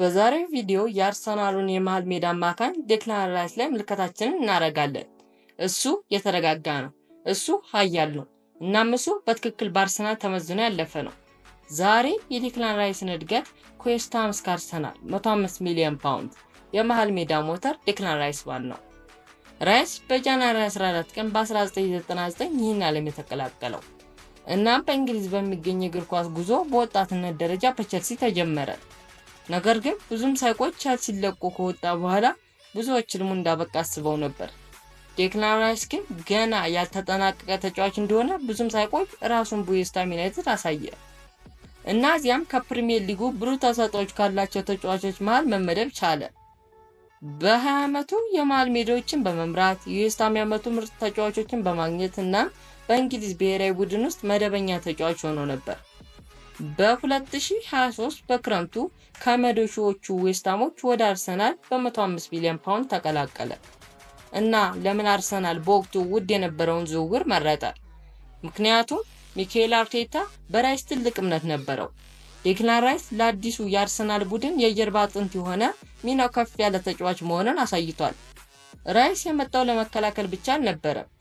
በዛሬው ቪዲዮ የአርሰናሉን የመሃል ሜዳ አማካኝ ዴክላን ራይስ ላይ ምልከታችንን እናደርጋለን። እሱ የተረጋጋ ነው፣ እሱ ሀያል ነው፣ እናም እሱ በትክክል በአርሰናል ተመዝኖ ያለፈ ነው። ዛሬ የዴክላን ራይስን እድገት ኮስታምስ ከአርሰናል አርሰናል 105 ሚሊዮን ፓውንድ የመሃል ሜዳ ሞተር ዴክላን ራይስ ባል ነው። ራይስ በጃንዋሪ 14 ቀን በ1999 ይህን ዓለም የተቀላቀለው እናም በእንግሊዝ በሚገኝ የእግር ኳስ ጉዞ በወጣትነት ደረጃ በቸልሲ ተጀመረ። ነገር ግን ብዙም ሳይቆይ ቻል ሲለቆ ከወጣ በኋላ ብዙዎች ልሙ እንዳበቃ አስበው ነበር። ዴክላን ራይስ ግን ገና ያልተጠናቀቀ ተጫዋች እንደሆነ ብዙም ሳይቆይ ራሱን በዌስትሃም ዩናይትድ አሳየ እና እዚያም ከፕሪሚየር ሊጉ ብሩህ ተሰጥኦዎች ካላቸው ተጫዋቾች መሃል መመደብ ቻለ። በ20 ዓመቱ የመሃል ሜዳዎችን በመምራት የዌስትሃም የዓመቱ ምርጥ ተጫዋቾችን በማግኘት እና በእንግሊዝ ብሔራዊ ቡድን ውስጥ መደበኛ ተጫዋች ሆኖ ነበር። በ2023 በክረምቱ ከመዶሾዎቹ ዌስታሞች ወደ አርሰናል በ105 ሚሊዮን ፓውንድ ተቀላቀለ እና ለምን አርሰናል በወቅቱ ውድ የነበረውን ዝውውር መረጠ? ምክንያቱም ሚካኤል አርቴታ በራይስ ትልቅ እምነት ነበረው። ዴክላን ራይስ ለአዲሱ የአርሰናል ቡድን የጀርባ አጥንት የሆነ ሚናው ከፍ ያለ ተጫዋች መሆኑን አሳይቷል። ራይስ የመጣው ለመከላከል ብቻ አልነበረም።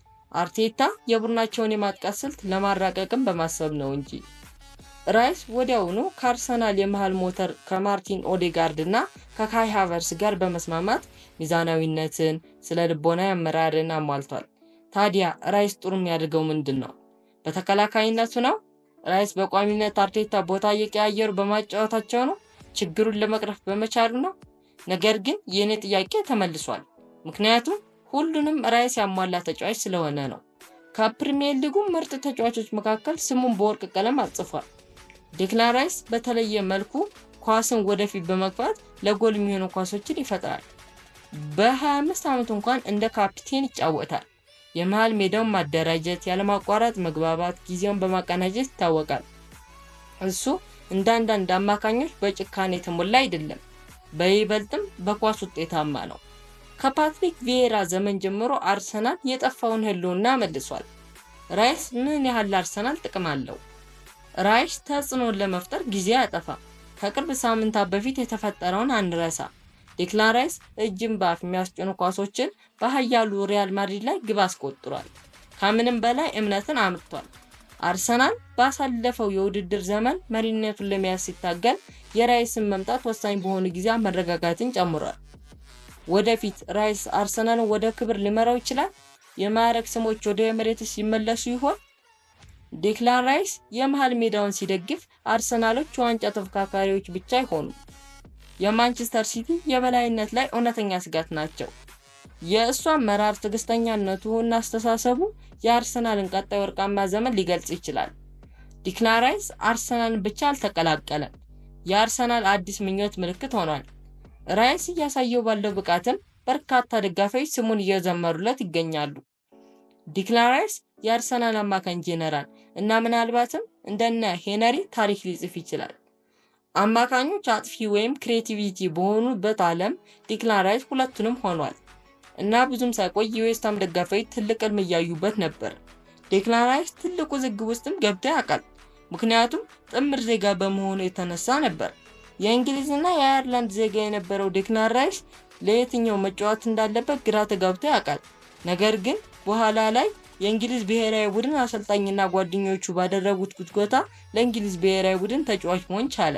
አርቴታ የቡድናቸውን የማጥቃት ስልት ለማራቀቅም በማሰብ ነው እንጂ ራይስ ወዲያውኑ ከአርሰናል የመሃል ሞተር ከማርቲን ኦዴጋርድ እና ከካይ ሃቨርስ ጋር በመስማማት ሚዛናዊነትን፣ ስለ ልቦና አመራርን አሟልቷል። ታዲያ ራይስ ጥሩ የሚያደርገው ምንድን ነው? በተከላካይነቱ ነው? ራይስ በቋሚነት አርቴታ ቦታ እየቀያየሩ በማጫወታቸው ነው? ችግሩን ለመቅረፍ በመቻሉ ነው? ነገር ግን የእኔ ጥያቄ ተመልሷል። ምክንያቱም ሁሉንም ራይስ ያሟላ ተጫዋች ስለሆነ ነው። ከፕሪሚየር ሊጉ ምርጥ ተጫዋቾች መካከል ስሙን በወርቅ ቀለም አጽፏል። ዴክላን ራይስ በተለየ መልኩ ኳስን ወደፊት በመግፋት ለጎል የሚሆኑ ኳሶችን ይፈጥራል። በ25 ዓመቱ እንኳን እንደ ካፕቴን ይጫወታል። የመሃል ሜዳውን ማደራጀት፣ ያለማቋረጥ መግባባት፣ ጊዜውን በማቀናጀት ይታወቃል። እሱ እንደ አንዳንድ አማካኞች በጭካኔ የተሞላ አይደለም፣ በይበልጥም በኳስ ውጤታማ ነው። ከፓትሪክ ቪዬራ ዘመን ጀምሮ አርሰናል የጠፋውን ህልውና መልሷል። ራይስ ምን ያህል ለአርሰናል ጥቅም አለው? ራይሽ ተጽዕኖን ለመፍጠር ጊዜ ያጠፋ። ከቅርብ ሳምንታት በፊት የተፈጠረውን አንረሳ። ዴክላን ራይስ እጅን በአፍ የሚያስጭኑ ኳሶችን በሀያሉ ሪያል ማድሪድ ላይ ግብ አስቆጥሯል። ከምንም በላይ እምነትን አምርቷል። አርሰናል ባሳለፈው የውድድር ዘመን መሪነቱን ለመያዝ ሲታገል የራይስን መምጣት ወሳኝ በሆኑ ጊዜ መረጋጋትን ጨምሯል። ወደፊት ራይስ አርሰናልን ወደ ክብር ሊመራው ይችላል። የማዕረግ ስሞች ወደ ኤምሬትስ ሲመለሱ ይሆን? ዴክላን ራይስ የመሃል ሜዳውን ሲደግፍ አርሰናሎች ዋንጫ ተፎካካሪዎች ብቻ አይሆኑም፣ የማንቸስተር ሲቲ የበላይነት ላይ እውነተኛ ስጋት ናቸው። የእሱ አመራር ትዕግስተኛነቱ እና አስተሳሰቡ የአርሰናልን ቀጣይ ወርቃማ ዘመን ሊገልጽ ይችላል። ዴክላን ራይስ አርሰናልን ብቻ አልተቀላቀለም፣ የአርሰናል አዲስ ምኞት ምልክት ሆኗል። ራይስ እያሳየው ባለው ብቃትም በርካታ ደጋፊዎች ስሙን እየዘመሩለት ይገኛሉ። ዲክላን የአርሰናል አማካኝ ጄኔራል እና ምናልባትም እንደነ ሄነሪ ታሪክ ሊጽፍ ይችላል። አማካኞች አጥፊ ወይም ክሬቲቪቲ በሆኑበት ዓለም ዲክላን ሁለቱንም ሆኗል እና ብዙም ሳይቆይ የዌስታም ደጋፊዎች ትልቅ ሕልም እያዩበት ነበር። ዲክላን ትልቁ ዝግብ ውስጥም ገብቶ ያውቃል፣ ምክንያቱም ጥምር ዜጋ በመሆኑ የተነሳ ነበር። የእንግሊዝና የአየርላንድ ዜጋ የነበረው ዲክላን ለየትኛው መጫወት እንዳለበት ግራ ተጋብቶ ያውቃል ነገር ግን በኋላ ላይ የእንግሊዝ ብሔራዊ ቡድን አሰልጣኝና ጓደኞቹ ባደረጉት ጉትጎታ ለእንግሊዝ ብሔራዊ ቡድን ተጫዋች መሆን ቻለ።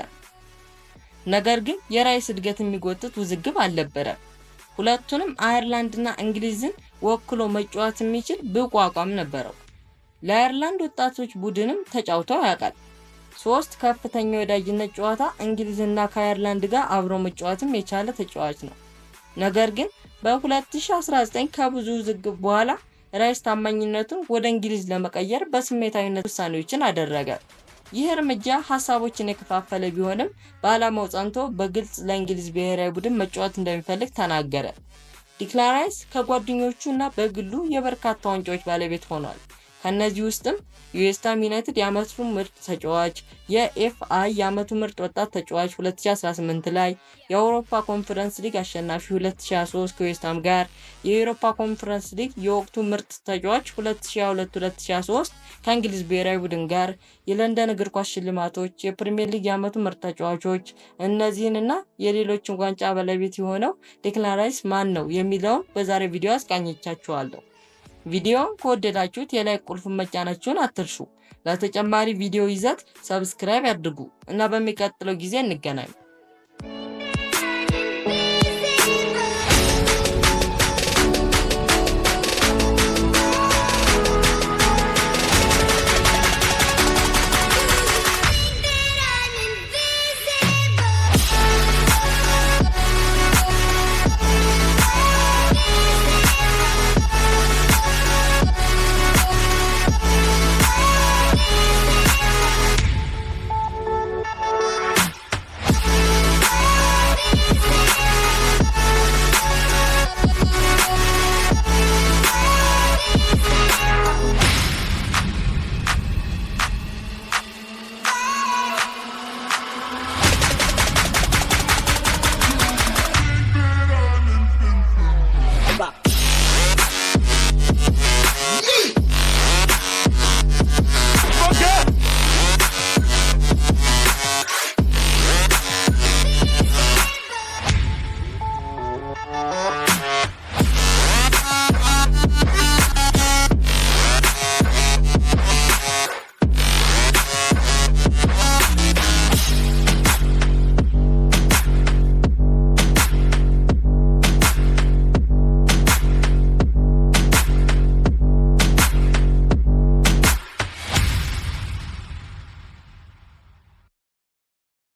ነገር ግን የራይስ እድገት የሚጎትት ውዝግብ አልነበረም። ሁለቱንም አየርላንድና እንግሊዝን ወክሎ መጫወት የሚችል ብቁ አቋም ነበረው። ለአየርላንድ ወጣቶች ቡድንም ተጫውቶ ያውቃል። ሶስት ከፍተኛ ወዳጅነት ጨዋታ እንግሊዝና ከአየርላንድ ጋር አብሮ መጫወትም የቻለ ተጫዋች ነው። ነገር ግን በ2019 ከብዙ ውዝግብ በኋላ ራይስ ታማኝነቱን ወደ እንግሊዝ ለመቀየር በስሜታዊነት ውሳኔዎችን አደረገ። ይህ እርምጃ ሀሳቦችን የከፋፈለ ቢሆንም በዓላማው ጸንቶ በግልጽ ለእንግሊዝ ብሔራዊ ቡድን መጫወት እንደሚፈልግ ተናገረ። ዲክላን ራይስ ከጓደኞቹ እና በግሉ የበርካታ ዋንጫዎች ባለቤት ሆኗል። ከእነዚህ ውስጥም የዌስትሃም ዩናይትድ የአመቱ ምርጥ ተጫዋች፣ የኤፍአይ የአመቱ ምርጥ ወጣት ተጫዋች 2018 ላይ፣ የአውሮፓ ኮንፈረንስ ሊግ አሸናፊ 2023 ከዌስትሃም ጋር፣ የአውሮፓ ኮንፈረንስ ሊግ የወቅቱ ምርጥ ተጫዋች 2022-2023 ከእንግሊዝ ብሔራዊ ቡድን ጋር፣ የለንደን እግር ኳስ ሽልማቶች፣ የፕሪምየር ሊግ የአመቱ ምርጥ ተጫዋቾች እነዚህንና የሌሎችን ዋንጫ ባለቤት የሆነው ዴክላን ራይስ ማን ነው የሚለውን በዛሬ ቪዲዮ አስቃኝቻችኋለሁ። ቪዲዮውን ከወደዳችሁት የላይክ ቁልፍ መጫናችሁን አትርሱ። ለተጨማሪ ቪዲዮ ይዘት ሰብስክራይብ ያድርጉ እና በሚቀጥለው ጊዜ እንገናኝ።